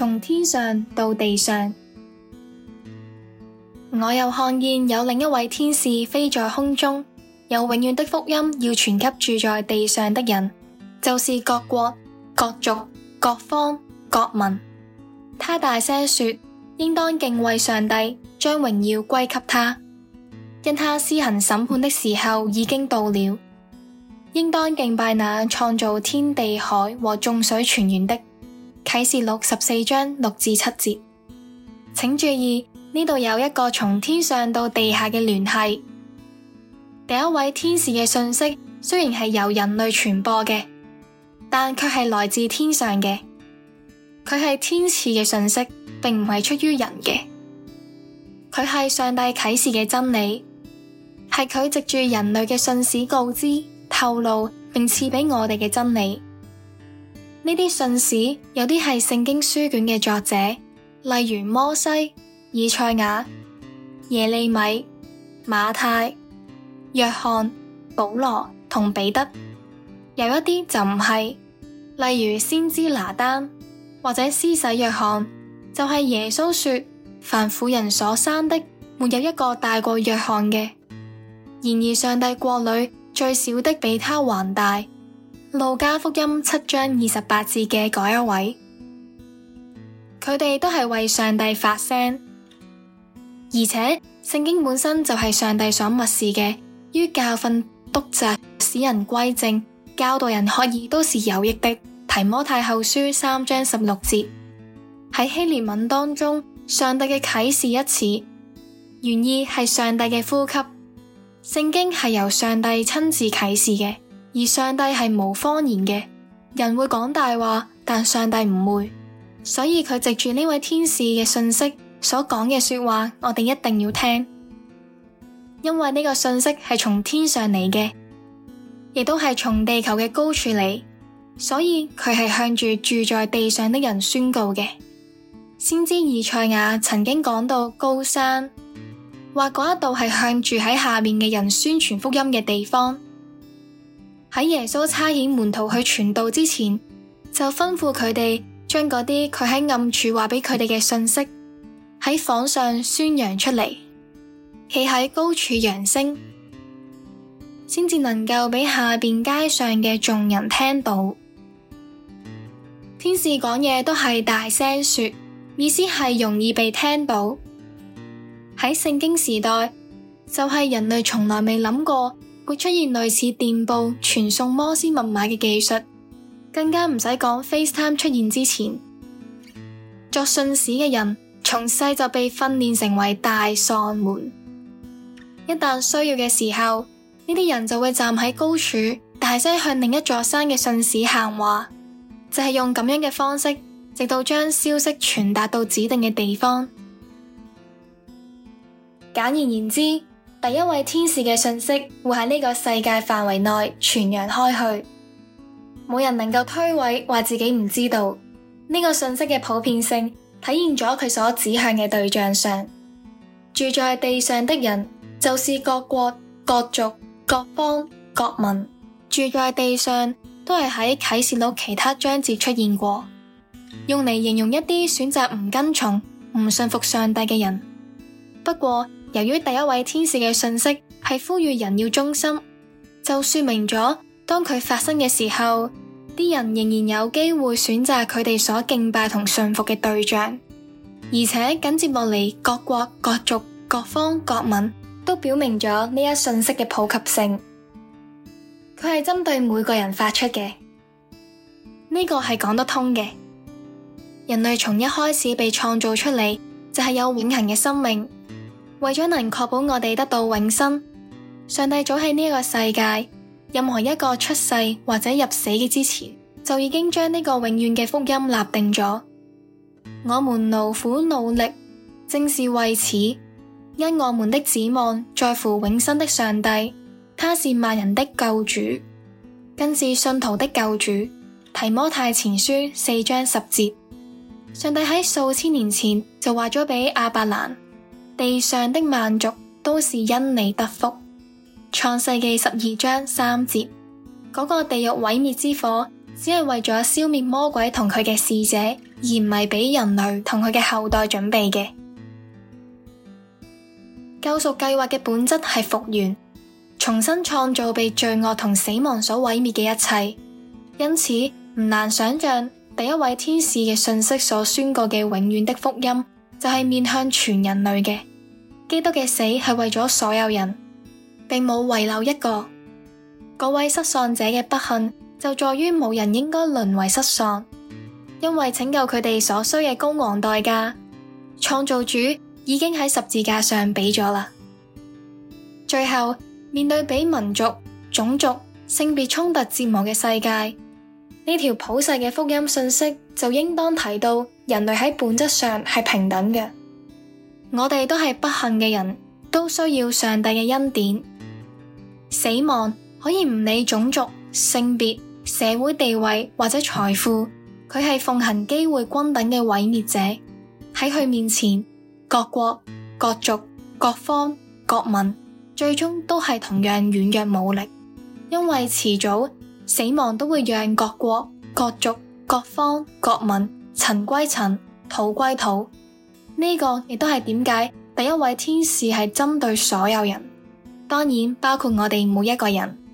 從天上到地上，我又看見有另一位天使飛在空中，有永遠的福音要傳給住在地上的人，就是各國、各族、各方、各民。他大聲說：應當敬畏上帝，將榮耀歸給他，因他施行審判的時候已經到了。應當敬拜那創造天地海和眾水泉源的。啟示六十四章六至七節，請注意呢度有一個從天上到地下嘅聯繫。第一位天使嘅信息雖然係由人類傳播嘅，但卻係來自天上嘅。佢係天使嘅信息，並唔係出於人嘅。佢係上帝啟示嘅真理，係佢藉住人類嘅信使告知、透露並賜俾我哋嘅真理。呢啲信使有啲係聖經書卷嘅作者，例如摩西、以賽亞、耶利米、馬太、約翰、保羅同彼得；有一啲就唔係，例如先知拿單或者施洗約翰。就係、是、耶穌說：凡婦人所生的，沒有一個大過約翰嘅。然而上帝國裏最小的比他還大。路加福音七章二十八節嘅嗰一位，佢哋都係為上帝發聲，而且聖經本身就係上帝所默示嘅，於教訓、督責、使人歸正、教導人學義，都是有益的。提摩太後書三章十六節。喺希臘文當中，上帝嘅啟示一詞，原意係上帝嘅呼吸，聖經係由上帝親自啟示嘅。而上帝係無謊言嘅，人會講大話，但上帝唔會，所以佢藉住呢位天使嘅信息所講嘅說話，我哋一定要聽，因為呢個信息係從天上嚟嘅，亦都係從地球嘅高處嚟，所以佢係向住住在地上的人宣告嘅。先知以賽亞曾經講到高山，話嗰一度係向住喺下面嘅人宣傳福音嘅地方。喺耶穌差遣門徒去傳道之前，就吩咐佢哋將嗰啲佢喺暗處話俾佢哋嘅信息喺房上宣揚出嚟，企喺高處揚聲，先至能夠俾下邊街上嘅眾人聽到。天使講嘢都係大聲說，意思係容易被聽到。喺聖經時代就係人類從來未諗過，會出現類似電報傳送摩斯密碼嘅技術，更加唔使講 FaceTime 出現之前，作信使嘅人從細就被訓練成為大嗓門，一旦需要嘅時候，呢啲人就會站喺高處大聲向另一座山嘅信使喊話，就係用咁樣嘅方式，直到將消息傳達到指定嘅地方。簡而言之，第一位天使嘅信息會喺呢個世界範圍內傳揚開去，冇人能夠推諉話自己唔知道。呢、這個信息嘅普遍性體現咗佢所指向嘅對象上，住在地上的人就是各國、各族、各方、各民。住在地上都係喺啟示錄其他章節出現過，用嚟形容一啲選擇唔跟從、唔信服上帝嘅人。不過，由於第一位天使嘅信息係呼籲人要忠心，就説明咗當佢發生嘅時候，啲人仍然有機會選擇佢哋所敬拜同信服嘅對象。而且緊接落嚟，各國各族各方各民都表明咗呢一信息嘅普及性。佢係針對每個人發出嘅，呢、這個係講得通嘅。人類從一開始被創造出嚟就係、是、有永恒嘅生命。為咗能確保我哋得到永生，上帝早喺呢個世界任何一個出世或者入死嘅之前，就已經將呢個永遠嘅福音立定咗。我們勞苦努力，正是為此，因我們的指望在乎永生的上帝，他是萬人的救主，更是信徒的救主。提摩太前書四章十節。上帝喺數千年前就話咗畀亞伯蘭。地上的萬族都是因你得福。創世記十二章三節，嗰個地獄毀滅之火，只係為咗消滅魔鬼同佢嘅使者，而唔係俾人類同佢嘅後代準備嘅。救贖計劃嘅本質係復原，重新創造被罪惡同死亡所毀滅嘅一切。因此唔難想象，第一位天使嘅信息所宣過嘅永遠的福音，就係面向全人類嘅。基督嘅死係為咗所有人，並冇遺留一個。各位失喪者嘅不幸，就在於冇人應該淪為失喪，因為拯救佢哋所需嘅高昂代價，創造主已經喺十字架上俾咗啦。最後，面對被民族、種族、性別衝突折磨嘅世界，呢條普世嘅福音信息就應當提到，人類喺本質上係平等嘅。我哋都係不幸嘅人，都需要上帝嘅恩典。死亡可以唔理種族、性別、社會地位或者財富，佢係奉行機會均等嘅毀滅者。喺佢面前，各國、各族、各方、各民，最終都係同樣軟弱無力，因為遲早死亡都會讓各國、各族、各方、各民，塵歸塵，土歸土。呢個亦都係點解第一位天使係針對所有人，當然包括我哋每一個人。